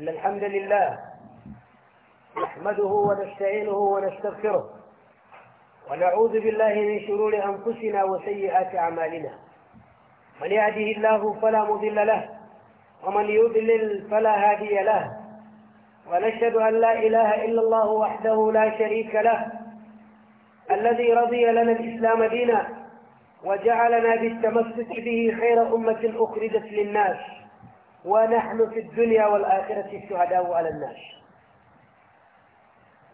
إن الحمد لله نحمده ونستعينه ونستغفره ونعوذ بالله من شرور أنفسنا وسيئات أعمالنا من يهده الله فلا مضل له ومن يضلل فلا هادي له ونشهد أن لا إله إلا الله وحده لا شريك له الذي رضي لنا الإسلام دينا وجعلنا بالتمسك به خير أمة أخرجت للناس ونحن في الدنيا والآخرة شهداء على الناس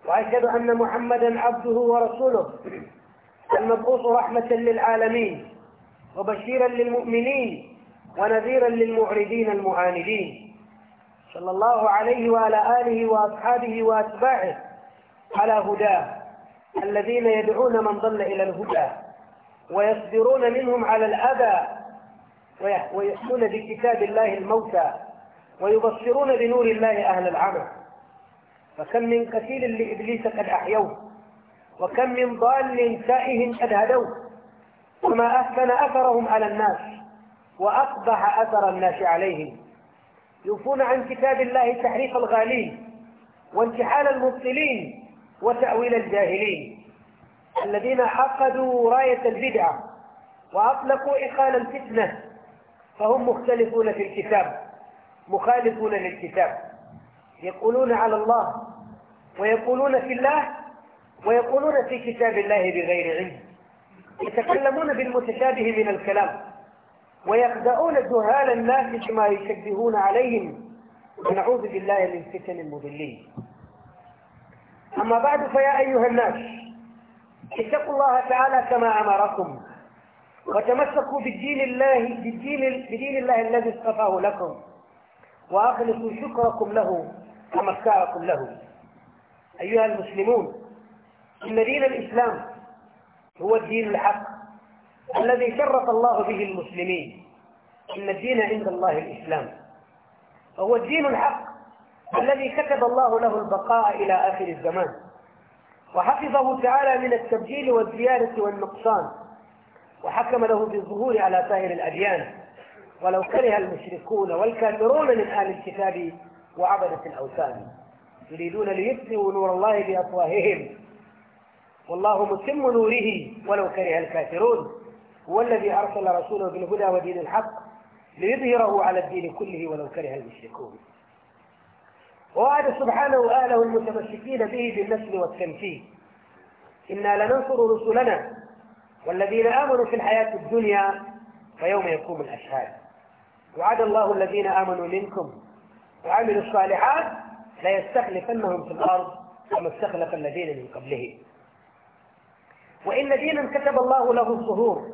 وأشهد أن محمدا عبده ورسوله المبعوث رحمة للعالمين وبشيرا للمؤمنين ونذيرا للمعرضين المعاندين صلى الله عليه وعلى آله وأصحابه وأتباعه على هداه الذين يدعون من ضل إلى الهدى ويصبرون منهم على الأذى ويحسون بكتاب الله الموتى ويبصرون بنور الله أهل العمى فكم من كثير لإبليس قد أحيوه وكم من ضال سائه قد هدوه وما أحسن أثرهم على الناس وأقبح أثر الناس عليهم يوفون عن كتاب الله تحريف الغالين وانتحال المبطلين وتأويل الجاهلين الذين عقدوا راية البدعة وأطلقوا إخال الفتنة فهم مختلفون في الكتاب مخالفون للكتاب يقولون على الله ويقولون في الله ويقولون في كتاب الله بغير علم يتكلمون بالمتشابه من الكلام ويخدعون جهال الناس بما يشبهون عليهم ونعوذ بالله من فتن المضلين أما بعد فيا أيها الناس اتقوا الله تعالى كما أمركم وتمسكوا بالدين الله بالدين, بدين الله الذي اصطفاه لكم وأخلصوا شكركم له ومسكعكم له أيها المسلمون إن دين الإسلام هو الدين الحق الذي شرف الله به المسلمين إن الدين عند الله الإسلام هو الدين الحق الذي كتب الله له البقاء إلى آخر الزمان وحفظه تعالى من التبجيل والزيادة والنقصان وحكم له بالظهور على سائر الأديان ولو كره المشركون والكافرون من أهل الكتاب وعبدة الأوثان يريدون ليطفئوا نور الله بأفواههم والله متم نوره ولو كره الكافرون هو الذي أرسل رسوله بالهدى ودين الحق ليظهره على الدين كله ولو كره المشركون ووعد سبحانه أهله المتمسكين به بالنسل والتمثيل إنا لننصر رسلنا والذين آمنوا في الحياة الدنيا فيوم يقوم الأشهاد وعد الله الذين آمنوا منكم وعملوا الصالحات ليستخلفنهم في الأرض كما استخلف الذين من قبلهم وإن دينا كتب الله له الظهور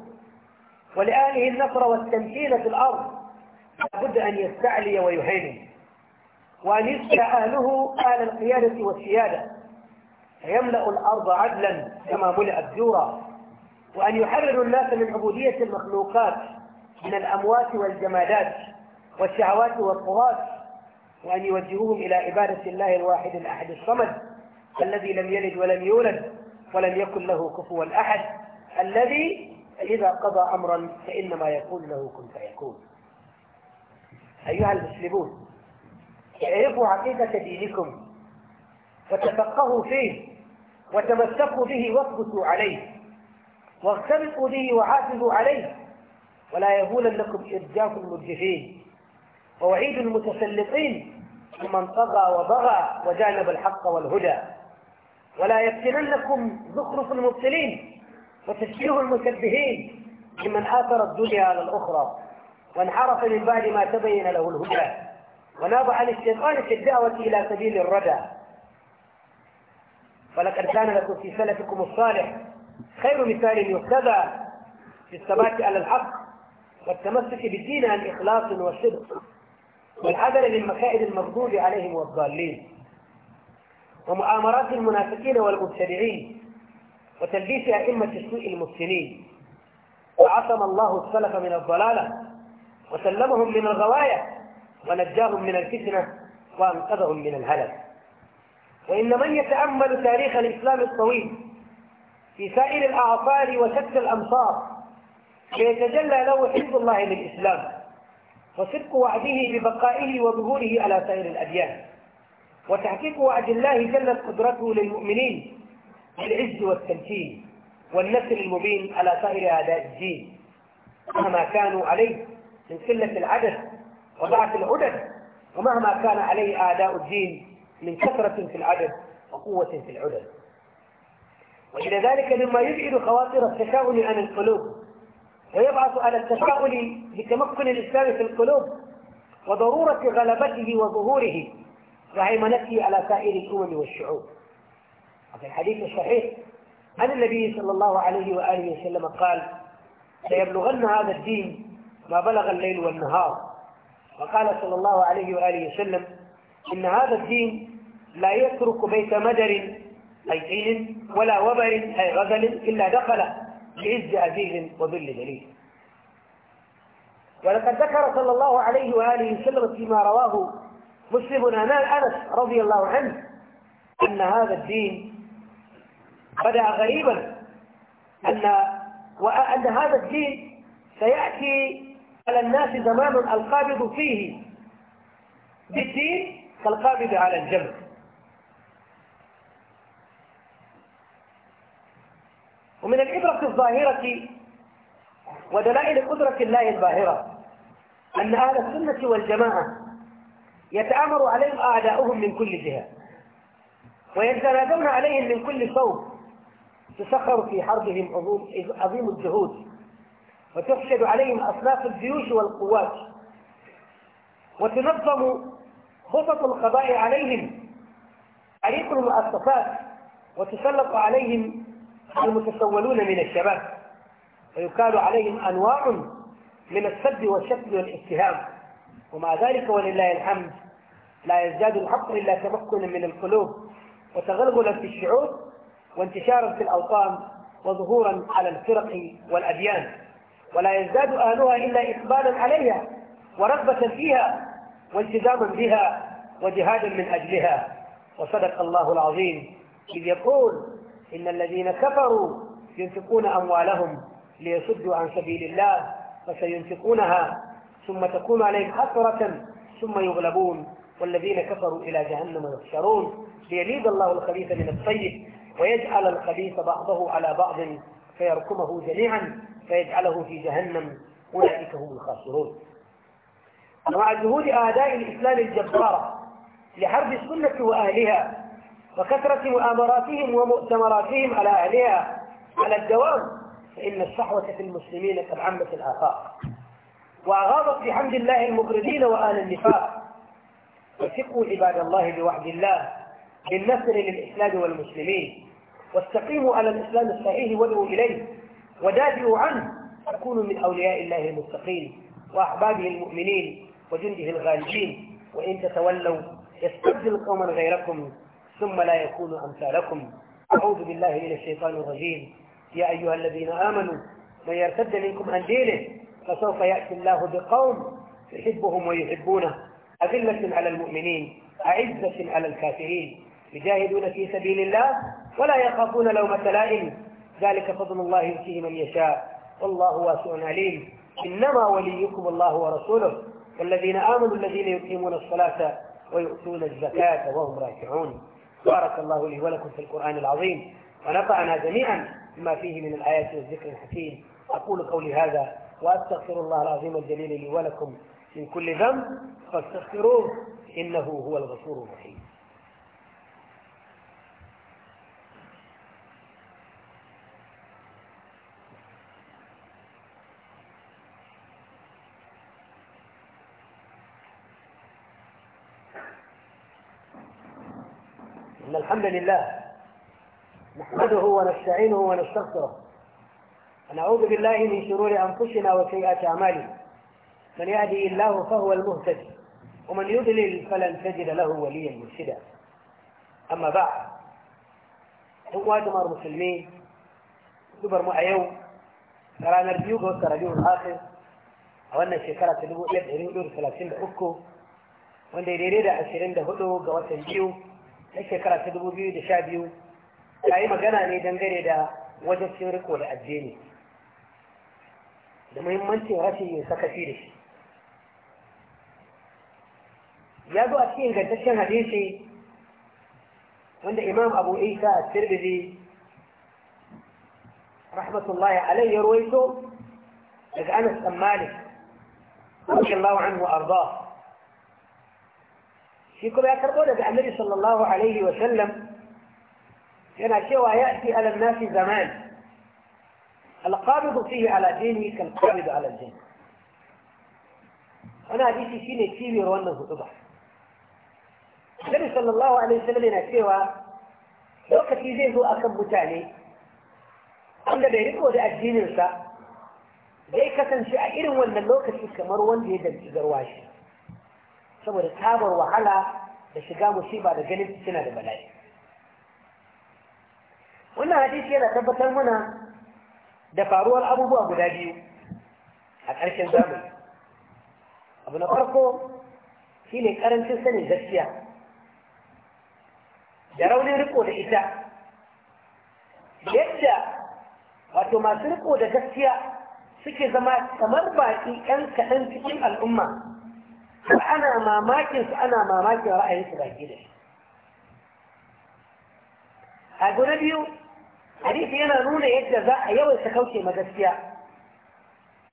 ولآله النصر والتمثيل في الأرض لابد أن يستعلي ويهين وأن يسكى أهله أهل القيادة والسيادة فيملأ الأرض عدلا كما ملأت جورا وأن يحرروا الناس من عبودية المخلوقات من الأموات والجمادات والشهوات والطغاة وأن يوجهوهم إلى عبادة الله الواحد الأحد الصمد الذي لم يلد ولم يولد ولم يكن له كفوا أحد الذي إذا قضى أمرا فإنما يقول له كن فيكون أيها المسلمون اعرفوا عقيدة دينكم وتفقهوا فيه وتمسكوا به واثبتوا عليه واغتبطوا به وعاتبوا عليه ولا يهول لكم إرجاف المرجفين ووعيد المتسلطين ومن طغى وبغى وجانب الحق والهدى ولا يفتننكم زخرف المبتلين وتشبيه المشبهين لمن آثر الدنيا على الأخرى وانحرف من بعد ما تبين له الهدى وناب عن الشيطان في الدعوة إلى سبيل الردى ولقد كان لكم في سلفكم الصالح خير مثال يهتدى في الثبات على الحق والتمسك بالدين عن إخلاص وصدق والحذر من مكائد المغضوب عليهم والضالين ومؤامرات المنافقين والمبتدعين وتلبيس أئمة السوء المسلمين وعصم الله السلف من الضلالة وسلمهم من الغواية ونجاهم من الفتنة وأنقذهم من الهلك وإن من يتأمل تاريخ الإسلام الطويل في سائر الأعصار وشتى الأمصار فيتجلى له حفظ الله للإسلام وصدق وعده ببقائه وظهوره على سائر الأديان وتحقيق وعد الله جلت قدرته للمؤمنين بالعز والتمكين والنسل المبين على سائر أعداء الدين مهما كانوا عليه من قلة العدد وضعف العدد ومهما كان عليه أعداء الدين من كثرة في العدد وقوة في العدد وإلى ذلك مما يبعد خواطر التشاؤم عن القلوب ويبعث على التشاؤم لتمكن الإسلام في القلوب وضرورة غلبته وظهوره وهيمنته على سائر الأمم والشعوب وفي الحديث الصحيح عن النبي صلى الله عليه وآله وسلم قال سيبلغن هذا الدين ما بلغ الليل والنهار وقال صلى الله عليه وآله وسلم إن هذا الدين لا يترك بيت مدر أي دين ولا وبر أي غزل إلا دخل بعز أبيه وذل دليل ولقد ذكر صلى الله عليه وآله وسلم فيما رواه مسلم عن أنس رضي الله عنه أن هذا الدين بدأ غريبا أن وأن هذا الدين سيأتي على الناس زمان القابض فيه بالدين كالقابض على الجبل ومن العبرة الظاهرة ودلائل قدرة الله الباهرة أن أهل السنة والجماعة يتآمر عليهم أعداؤهم من كل جهة ويتنادون عليهم من كل صوب تسخر في حربهم عظيم الجهود وتحشد عليهم أصناف الجيوش والقوات وتنظم خطط القضاء عليهم عريق المؤسسات وتسلط عليهم المتسولون من الشباب ويكال عليهم أنواع من السد والشتم والاتهام ومع ذلك ولله الحمد لا يزداد الحق إلا تمكنا من القلوب وتغلغلا في الشعوب وانتشارا في الأوطان وظهورا على الفرق والأديان ولا يزداد أهلها إلا إقبالا عليها ورغبة فيها والتزاما بها وجهادا من أجلها وصدق الله العظيم إذ يقول إن الذين كفروا ينفقون أموالهم ليصدوا عن سبيل الله فسينفقونها ثم تكون عليهم حسرة ثم يغلبون والذين كفروا إلى جهنم يحشرون ليميز الله الخبيث من الطيب ويجعل الخبيث بعضه على بعض فيركمه جميعا فيجعله في جهنم أولئك هم الخاسرون مع جهود أعداء الإسلام الجبارة لحرب السنة وأهلها وكثرة مؤامراتهم ومؤتمراتهم على أهلها على الدوام فإن الشحوة في المسلمين قد عمت الآفاق وأغاضت بحمد الله المغرضين وآل النفاق وثقوا عباد الله بوحد الله بالنصر للإسلام والمسلمين واستقيموا على الإسلام الصحيح وادعوا إليه ودافعوا عنه تكونوا من أولياء الله المستقيم وأحبابه المؤمنين وجنده الغالبين وإن تتولوا يستبدل قوما غيركم ثم لا يكون أمثالكم أعوذ بالله من الشيطان الرجيم يا أيها الذين آمنوا من يرتد منكم عن دينه فسوف يأتي الله بقوم يحبهم ويحبونه أذلة على المؤمنين أعزة على الكافرين يجاهدون في سبيل الله ولا يخافون لومة لائم ذلك فضل الله يؤتيه من يشاء والله واسع عليم إنما وليكم الله ورسوله والذين آمنوا الذين يقيمون الصلاة ويؤتون الزكاة وهم راكعون بارك الله لي ولكم في القرآن العظيم ونفعنا جميعا بما فيه من الآيات والذكر الحكيم أقول قولي هذا وأستغفر الله العظيم الجليل لي ولكم من كل ذنب فاستغفروه إنه هو الغفور الرحيم لله نحمده ونستعينه ونستغفره ونعوذ بالله من شرور أنفسنا وسيئات أعمالنا من يهدي الله فهو المهتدي ومن يضلل فلن تجد له وليا مرشدا أما بعد هو جمار المسلمين دبر mu a yau ta ranar biyu ga wata rabiul akhir a wannan shekara ta dubu ɗaya da ɗari hudu da talatin هيك كلا تدبو بيو دشا بيو كاي مغانا ني دنگري دا وجه سيركو لأجيني دا مهم منتي غشي يساكا فيرش يابو أكين غد تشان حديثي وند إمام أبو إيسا التربذي رحمة الله عليه رويته إذ أنس أم رضي الله عنه وأرضاه فيكم يا كربون النبي صلى الله عليه وسلم هنا شيء ويأتي على الناس زمان القابض فيه على دينه كالقابض على الجن أنا هذه شيء كبير وأنه تضح النبي صلى الله عليه وسلم هنا شيء لو كتي زيه أكم بتالي أم لديه ربو الدين لسا ذيك تنشأ إرون لو كتي كمروان يدن تزرواشي saboda tabar wahala da shiga musiba da ganin suna da bala'i wannan hadisi yana tabbatar mana da faruwar abubuwa guda biyu a ƙarshen zamani abu na farko shine ƙarancin sanin gaskiya da raunin riko da ita yadda wato masu riko da gaskiya suke zama kamar baƙi 'yan kaɗan cikin al'umma to ana mamakin su ana mamakin ra'ayin su baki da a guda biyu hadisi yana nuna yadda za a yawaita kauce ma gaskiya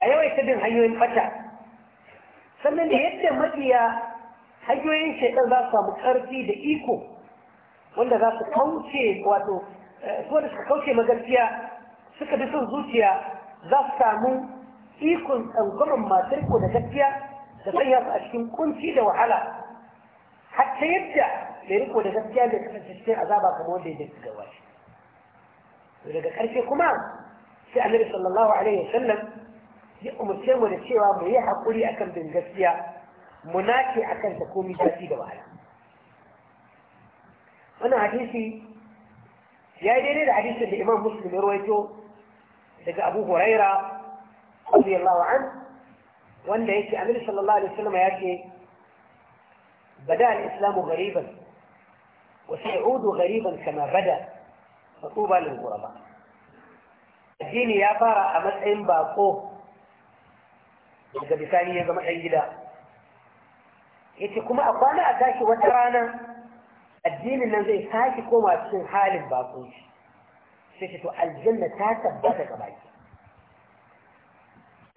a yawaita bin hanyoyin fata sannan da yadda mafiya hanyoyin shaidan za su samu karfi da iko wanda za su kauce wato eh, wanda suka kauce ma suka bi son zuciya za su samu ikon tsangwarin masu riko da gaskiya تغير أشياء كل شيء ده وحلا حتى يرجع ليرك ولا جت جاب السيستم عذابا كمان اللي جت جواش ولا جت أي كمان في النبي صلى الله عليه وسلم يأمر سيم ولا شيء وما يح قولي أكن بن جسيا مناكي أكن تكون جاتي ده وحلا أنا حديثي يا ديني الحديث اللي إمام مسلم يرويته لقى أبو هريرة رضي الله عنه wanda yake amir sallallahu alaihi wasallam ya ce bada al-islamu ghariban wa sayudu ghariban kama bada fatuba lil ghuraba addini ya fara a matsayin bako daga bisani ya zama ɗan gida yace kuma a kwana a tashi wata rana addinin nan zai sake koma cikin halin bako sai ce to aljanna ta tabbata ga baki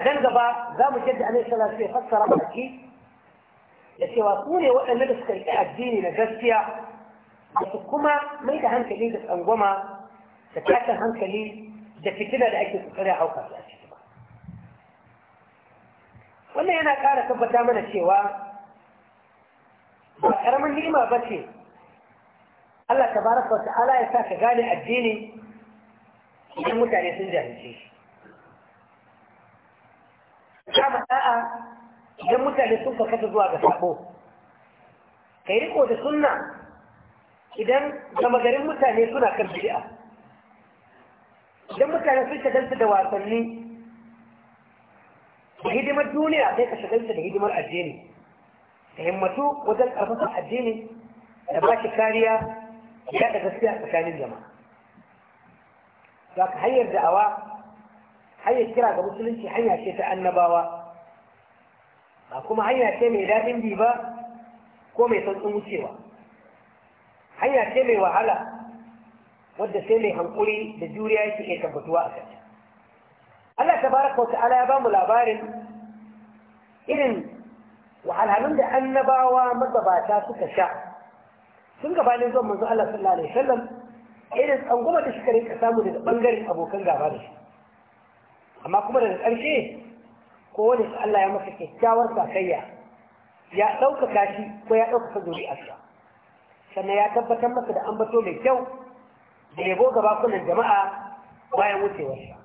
nan gaba za mu jadda alaihi salatu ya fassara baki ya cewa su ne waɗanda da suka riƙe addini na gaskiya da su kuma mai da hankali da tsangwama da tashin hankali da fitina da ake kokarin hauka su a ciki ba wannan yana ƙara tabbata mana cewa ba ƙaramin ni'ima ba ce Allah tabaraka wa ta'ala ya sa ka gane addini idan mutane sun jahilce shi kama da'a idan mutane sun fakata zuwa ga sabo kai riko da sunna idan gama garin mutane suna kan bid'a idan mutane sun shagalta da wasanni da hidimar duniya sai ka shagalta da hidimar addini ka himmatu wajen karfafa addini da ba shi kariya ya da gaskiya tsakanin jama'a za ka hanyar da'awa hanyar kira ga musulunci hanya ce ta annabawa ba kuma hanya ce mai daɗin bi ba ko mai sauƙin wucewa hanya ce mai wahala wadda sai mai hankuri da juriya yake iya tabbatuwa a kanta Allah ta baraka wa ta'ala ya bamu labarin irin wahalhalun da annabawa magabata suka sha sun gabanin zuwan manzo Allah sallallahu alaihi wasallam irin tsangwama da suka rinka samu daga bangaren abokan gaba da shi amma kuma daga ƙarshe ko wani su Allah ya masa kyakkyawar sakayya ya ɗaukaka shi ko ya ɗaukaka zuri'arsa sannan ya tabbatar masa da ambato mai kyau da yabo ga bakunan jama'a bayan wucewarsa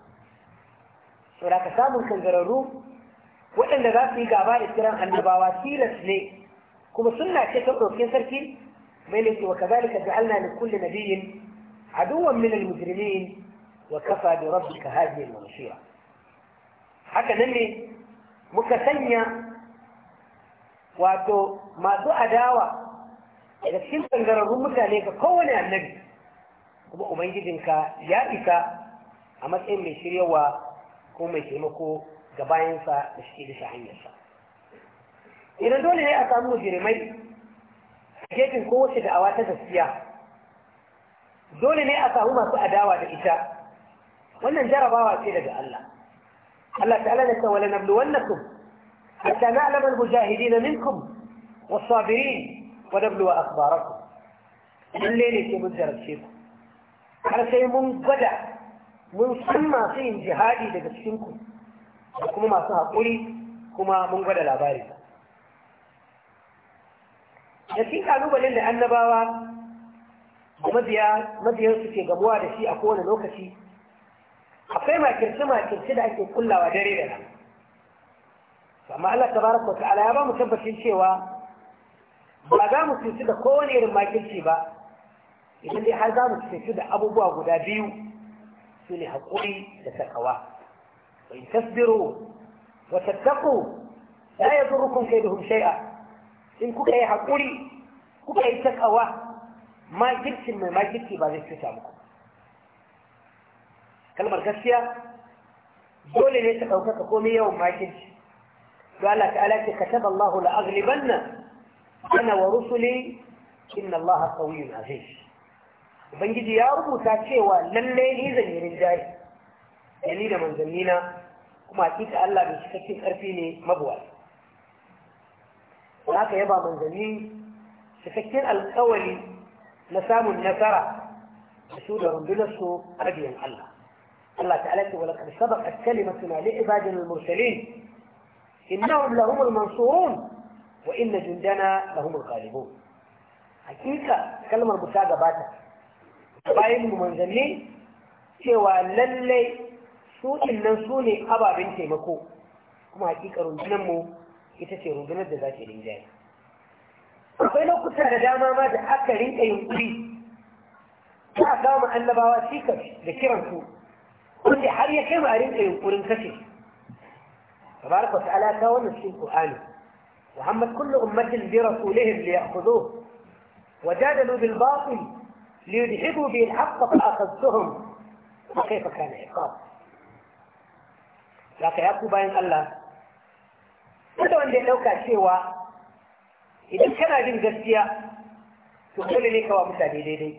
saboda ka samun kangararru waɗanda za su yi gaba da kiran annabawa tilas ne kuma sunna ce ta ɗaukin sarki mai ne wa kazalika ja'alna li kulli nabiyyin aduwwan min al-mujrimin wa kafa bi rabbika hadiyan wa haka nan ne muka sanya wato masu adawa a cikin tsangararrun mutane ga kowane annabi kuma ubangijinka ya isa a matsayin mai shiryawa ko mai taimako ga bayansa da shi da hanyarsa idan dole ne a samu jirimai a gefen kowace da'awa ta gaskiya dole ne a samu masu adawa da ita wannan jarabawa ce daga Allah الله تعالى نتولى نبلونكم حتى نعلم المجاهدين منكم والصابرين ونبلو أخباركم من ليلة منذر الشيخ على شيء منقدع من سمى في جهادي لقسمكم وكما ما سأقولي كما منقدع لأباري يسين قالوا بلين لأن بابا ومديا مديا سكي قبوا لشي أكون نوكسي akwai makirce-makirce da ake kullawa dare da nan amma Allah ta baraka wata ala ya ba mu tabbacin cewa ba za mu cuci da kowane irin makirci ba idan dai har za mu cuci da abubuwa guda biyu su ne haƙuri da takawa in tasbiru wa tattaku la kai da shay'a in kuka yi haƙuri kuka yi takawa makircin mai makirci ba zai cuta muku kalmar gaskiya dole ne ta ɗaukaka komai yawan makinci don Allah ta'ala ce kataba Allahu la'aghlibanna ana wa rusuli inna Allah qawiyyun shi. ubangiji ya rubuta cewa lalle ni zan yi rinjaye yani da manzannina kuma hakika Allah mai cikakken karfi ne mabuwa aka yaba manzanni cikakken alkawari na samun nasara da su da rundunarsu arbiyan Allah الله تعالى يقول ولقد سبقت كلمتنا لعبادنا المرسلين انهم لهم المنصورون وان جندنا لهم الغالبون حقيقه كلمه المساعده باتا باين منزلي سوى للي سوء النسوني ابا بنتي مكو كما حقيقه رجلمو يتسي رجلم الدزاتي الانجاز. وين كنت انا دائما ما اتاكد انت ما دام ان بواسيك لكرمتو wanda har ya kai a rinka yunkurin kashe tabaraka wa ta'ala ta wannan cikin qur'ani muhammad kullu ummatin bi rasulihim li ya'khudhuhu وجادلوا بالباطل ليدحضوا به الحق فاخذتهم وكيف كان عقاب لكن يا باين الله kada wanda ya ɗauka cewa idan kana jin gaskiya to dole ne ka wa mutane daidai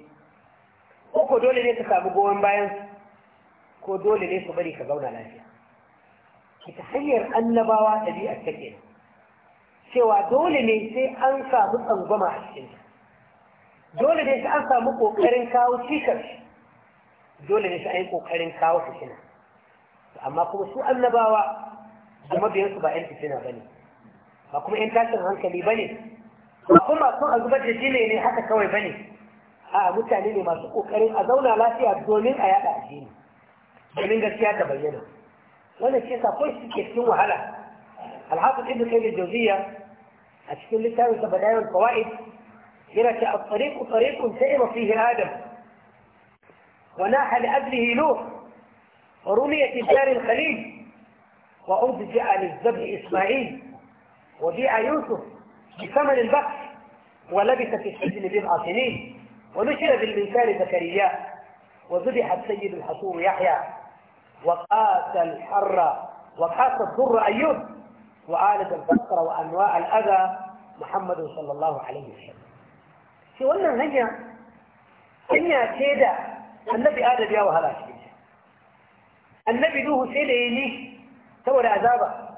ko dole ne ka samu goyon bayan ko dole ne su bari ka zauna lafiya ita hanyar annabawa ɗabi'ar take ne cewa dole ne sai an samu tsangwama a cikin dole ne sai an samu ƙoƙarin kawo cikar dole ne sai an yi ƙoƙarin kawo fitina amma kuma su annabawa da mabiyansu ba 'yan fitina ba ne ba kuma 'yan tashin hankali ba ne ba kuma sun a zubar da jini ne haka kawai ba ne a mutane ne masu ƙoƙarin a zauna lafiya domin a yaɗa addini domin gaskiya ta bayyana wannan shi yasa kai suke cikin wahala alhafiz ibn qayyim jawziya a cikin littafin sa badayul qawaid yana ta at-tariqu tariqun sa'ima fihi adam wa naha li ajlihi nuh wa rumiyat dar al-khalil wa urdi'a lil-zabh isma'il wa bi'a yusuf بثمن البخس ولبث في السجن بضع سنين ونشر بالمثال زكريا وذبح السيد الحصور يحيى وقاس الحر وقاس الضر أيوب وآلد الفقر وأنواع الأذى محمد صلى الله عليه وسلم في ولن هنيا هنيا سيدا النبي آدب يا وهلا النبي له سيدا إليه تولى عذابه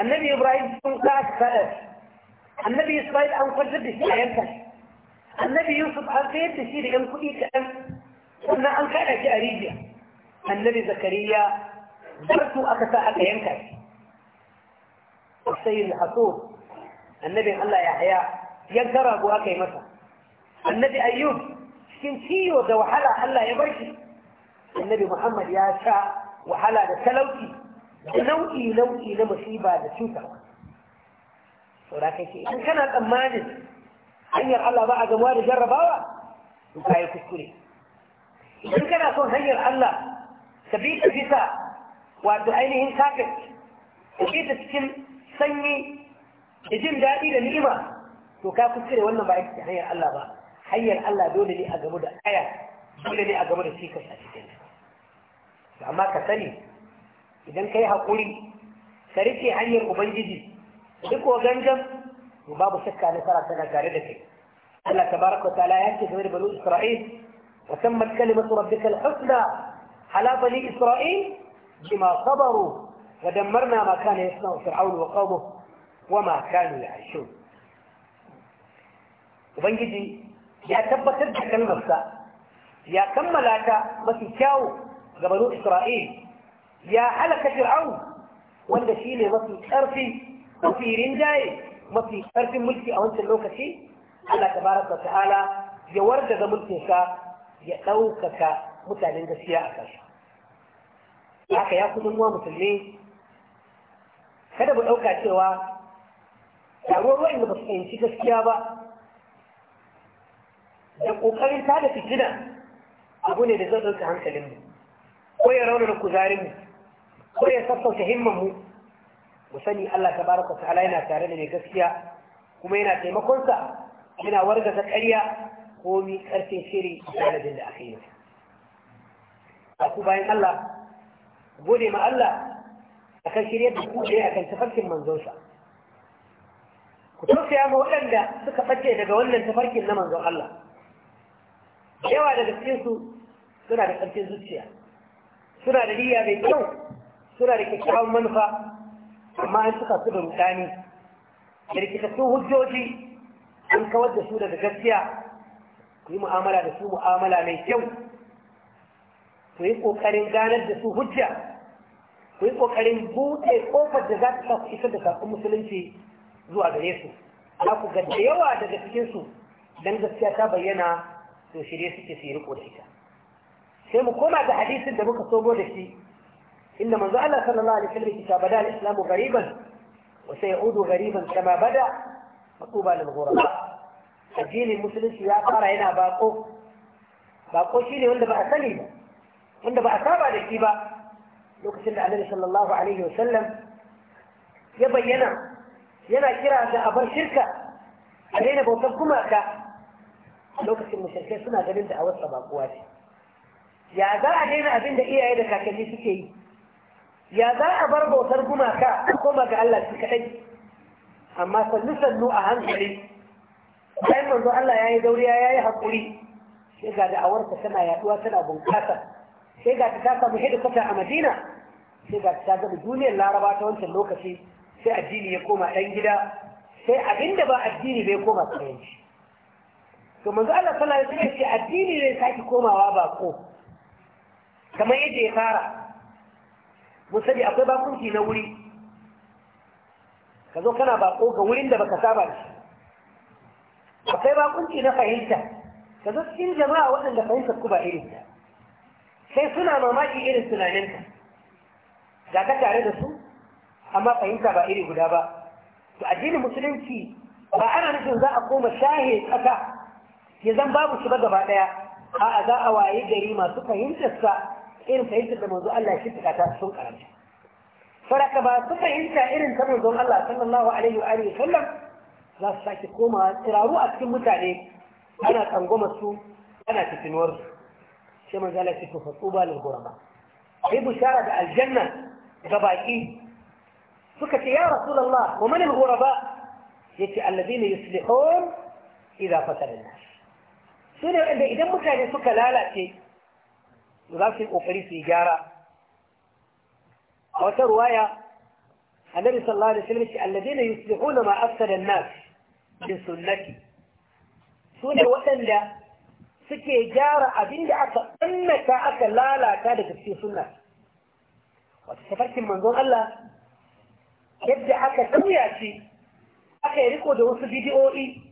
النبي إبراهيم سيكون قاس فأس النبي إسرائيل أنقذ بسيئة ينفش النبي يوسف أنقذ بسيئة ينفش وانا انك اجي اريد النبي زكريا درت حتى اكينك السيد الحصول النبي الله يحيى يقدر ابو اكي مسا النبي ايوب سنتي وذو حلا الله يبرشي النبي محمد يا شاء وحلا لسلوتي نوئي نوئي لمصيبة لسوتا ولكن ان كان الامان ان يرى الله بعد موالي جرب هذا فهي في الكريم idan kana son hanyar Allah ka bi ta bisa wato ainihin kafin ka bi ta cikin sanyi da jin daɗi da ni'ima to ka kuskure wannan ba ita hanyar Allah ba hanyar Allah dole ne a gamu da aya dole ne a gamu da cikas a cikin amma ka sani idan ka yi haƙuri ka rike hanyar ubangiji duk wa gangan babu shakka nasara tana tare da kai Allah tabaraka wa ta'ala ya ce game da Bani Isra'il وتمت كلمة ربك الحسنى على بني إسرائيل بما صبروا ودمرنا ما كان يصنع فرعون وقومه وما كانوا يعيشون وبنجي يا تبا ترجع كلمة يا كم لاتا ما تشاو قبلوا إسرائيل يا حلقة فرعون وانا شيني ما في وفي ما في رنجاي ما في أرثي ملكي أو أنت اللوكة على تبارك وتعالى يورد ذا ملكي ya ɗaukaka mutanen gaskiya a kansu haka ya kuma ruwa musulmi kada mu ɗauka cewa taruwar ruwa inda ba su fahimci gaskiya ba da ƙoƙarin ta da fitina abu ne da zai ɗauka hankalinmu ko ya raunana kuzarinmu ko ya sassauta himmanmu mu sani Allah ta baraka ta'ala yana tare da mai gaskiya kuma yana taimakonsa yana wargaza ƙarya komi karfin shiri sanadin da aka yi aku bayan Allah gode ma Allah akan shirya da ku akan tafarkin manzonsa ku tausaya ma waɗanda suka ɓace daga wannan tafarkin na manzon Allah yawa daga cikin su suna da ƙarfin zuciya suna da niyya mai kyau suna da kyakkyawan manufa amma an suka su da rudani da rikitattun hujjoji an kawar da su daga gaskiya ku yi mu'amala da su mu'amala mai kyau ku yi ƙoƙarin ganar da su hujja ku yi ƙoƙarin buɗe ƙofar da za ta sa ku isar da saƙon musulunci zuwa gare su ana ku ga yawa daga cikin su dan gaskiya ta bayyana to shirye suke su yi da ita sai mu koma ga hadisin da muka sobo da shi inda manzo Allah sallallahu alaihi wasallam yake bada al-islamu ghariban wa sayudu ghariban kama bada maquba lil ghuraba addinin musulunci ya fara yana bako bako shi ne wanda ba a sani ba wanda ba a saba da shi ba lokacin da annabi sallallahu alaihi wasallam ya bayyana yana kira da abar shirka a daina bautar gumaka lokacin mushrikai suna ganin da a wasa bakuwa ce ya za a daina abin da iyaye da kakanni suke yi ya za a bar bautar gumaka ko ga Allah su kaɗai amma sannu sannu a hankali bayan manzo Allah ya yi dauriya ya yi haƙuri sai ga da'awarsa tana yaduwa tana bunƙasa sai ga ta samu kwata a madina sai ga ta gama duniyar laraba ta wancan lokaci sai addini ya koma ɗan gida sai abinda ba addini bai koma shi to manzo Allah sallallahu alaihi wasallam ce addini ne saki komawa ba ko? kamar yadda ya fara mun sani akwai bakunci na wuri ka zo kana bako ga wurin da baka saba da shi akwai bakunci na fahimta ka zo cikin jama'a waɗanda fahimtar ku ba irin ta sai suna mamaki irin tunaninka ga ka tare da su amma fahimta ba iri guda ba to addinin musulunci ba ana nufin za a koma shahe tsaka ya zan babu shi ba gaba ɗaya a'a za a waye gari masu fahimtarsa irin fahimtar da manzo Allah shi tuka ta sun karanta. Faraka ba su fahimta irin ta manzo Allah sallallahu alaihi wa alihi sallam za su sake koma tsiraru a cikin mutane ana tsangwama su ana fitinuwar su sai manzo Allah ya tufa tsuba lil guraba sai bushara da aljanna ga baki suka ce ya rasulullah wa man al guraba yace alladhina yuslihun idza fatala nas sune wanda idan mutane suka lalace za su yi kokari su yi gyara a wata ruwaya annabi sallallahu alaihi wasallam ce alladhina yuslihuna ma afsada nas da sunnati su ne waɗanda suke gyara abin da aka ɓannata aka lalata daga cikin sunna wata tafarkin manzon Allah yadda aka sauya ce, aka yi riko da wasu bidiyo'i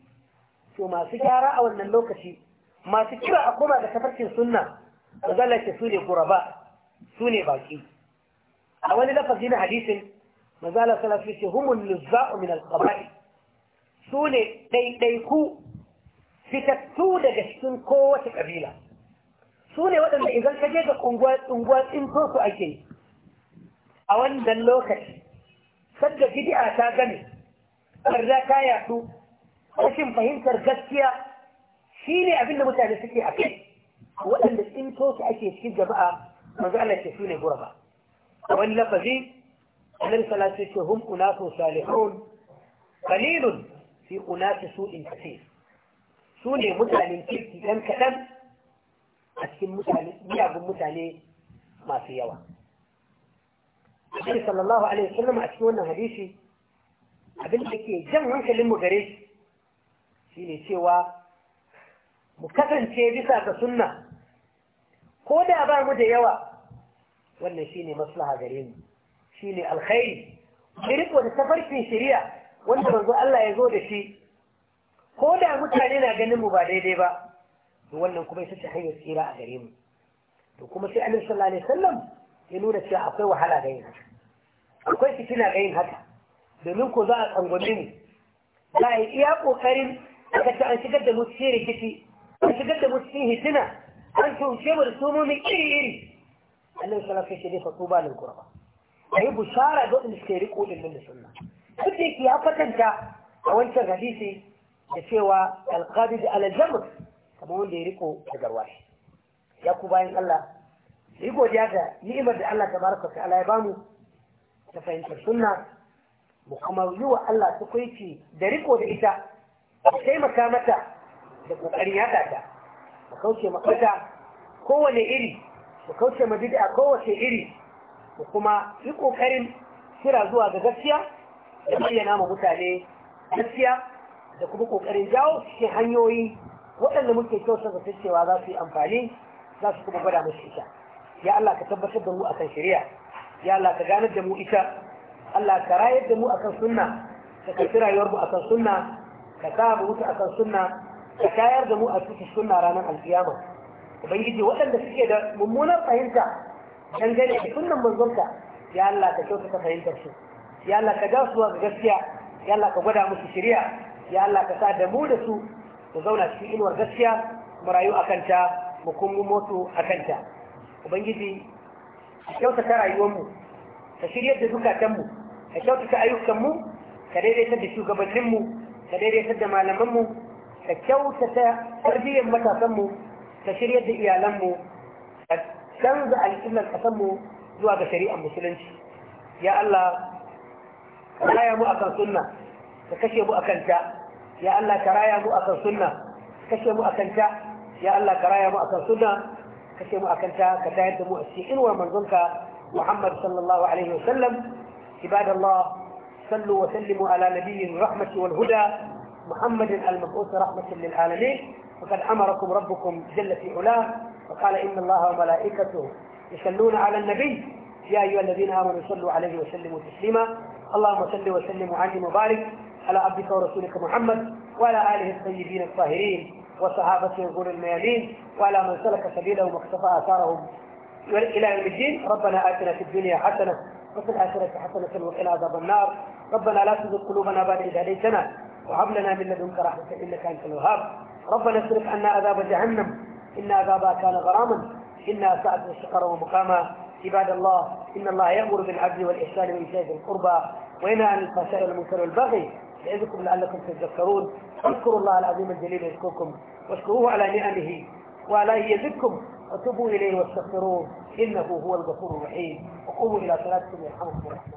to masu gyara a wannan lokaci masu kira a koma da tafarkin sunna mazalace su ne guraba su ne baki a wani lafazi na hadisin mazala salafi ce humun nuzza'u min alqaba'i su ne ɗaiɗaiku fitattu daga cikin kowace ƙabila su ne waɗanda idan ka je ga unguwar tsinto su ake a wannan lokaci sadda bid'a ta gane ƙarza ta yaɗu rashin fahimtar gaskiya shi ne abin da mutane suke a kai waɗanda tsinto su ake cikin jama'a manzo Allah ce su ne gurba a wani lafazi annabi sallallahu alaihi wasallam hum unasu salihun qalilun fi hunaka su'in kaseer su ne mutanen kirki ɗan kaɗan a cikin mutane miyagun mutane masu yawa Annabi sallallahu alaihi wasallam a cikin wannan hadisi abin da ke jan hankalin mu gare shi ne cewa mu kasance bisa ga sunna ko da ba mu da yawa wannan shine maslaha gare mu shine alkhairi mu riko da tafarkin shari'a wanda manzo Allah ya zo da shi ko da mutane na ganin mu ba daidai ba to wannan kuma ita ce hanyar tsira a gare mu to kuma sai Annabi sallallahu alaihi wasallam ya nuna cewa akwai wahala ga yin haka akwai fitina ga yin haka domin ko za a tsangwame ni za a yi iya kokarin aka ce an shigar da mu cikin rikici an shigar da mu cikin hitina an tushe mu da sumomi iri iri Annabi sallallahu alaihi wasallam sai ya fa tuba lil qurba ayi bushara ga wanda suke riko din da sunna duk da shi ya kwatanta a wancan hadisi da cewa alqadir al jamr kamar wanda ya riko da garwashi ya ku bayan Allah yi godiya ga ni'imar da Allah tabaraka ta'ala ya bamu ta fahimtar sunna mu kuma yi wa Allah tukuici da riko da ita a taimaka mata da kokarin yaɗa ta mu kauce mafata kowane iri mu kauce ma a kowace iri mu kuma yi kokarin kira zuwa ga gaskiya da bayyana ma mutane gaskiya da kuma kokarin jawo shi hanyoyi waɗanda muke kyauta da cewa za su yi amfani za su kuma gwada masu ita ya Allah ka tabbatar da mu akan shari'a ya Allah ka ganar da mu ita Allah ka rayar da mu akan sunna ka kai rayuwar mu akan sunna ka sa mu mutu akan sunna ka tayar da mu a cikin sunna ranar alkiyama ubangiji waɗanda suke da mummunar fahimta dangane da sunnan manzonka ya Allah ka kyautata fahimtar su ya Allah ka ja su ga gaskiya ya Allah ka gwada musu shari'a ya Allah ka sa da mu da su mu zauna cikin inuwar gaskiya mu rayu a kanta mu kuma motsu a kanta ubangiji ka kyauta rayuwar mu, ka shiryar da dukatan mu, ka kyauta ayyukan mu, ka daidaita da shugabannin mu, ka daidaita da malaman mu, ka ta tarbiyyar matasan mu, ka shiryar da iyalan mu, ka canza al'ummar mu zuwa ga shari'ar musulunci ya Allah raya mu akan sunna ka kashe mu akan ta ya Allah ka raya mu akan sunna kashe mu akan ta ya Allah ka raya mu akan sunna kashe mu akan ta ka tayar da mu a cikin irwar manzonka Muhammad sallallahu alaihi wasallam ibadallah صلوا وسلموا على نبي الرحمة والهدى محمد المبعوث رحمة للعالمين وقد أمركم ربكم جل في علاه وقال إن الله وملائكته يصلون على النبي يا أيها الذين آمنوا صلوا عليه وسلموا تسليما اللهم صل وسلم وعلم وبارك على عبدك ورسولك محمد وعلى آله الطيبين الطاهرين وصحابته الغر الميامين وعلى من سلك سبيله واقتفى آثارهم إلى يوم الدين ربنا آتنا في الدنيا حسنة وفي الآخرة حسنة وقنا عذاب النار ربنا لا تزغ قلوبنا بعد إذ هديتنا وهب لنا من لدنك رحمة إنك أنت الوهاب ربنا اصرف عنا عذاب جهنم إن عذابها كان غراما إنها ساءت مستقرا ومقاما عباد الله إن الله يأمر بالعدل والإحسان من ذي القربى وينهى عن الفحشاء والمنكر والبغي يعظكم لعلكم تذكرون اذكروا الله العظيم الجليل يذكركم واشكروه على نعمه وعليه يزدكم وتوبوا إليه واستغفروه إنه هو الغفور الرحيم وقوموا إلى صلاتكم يرحمكم الرحمن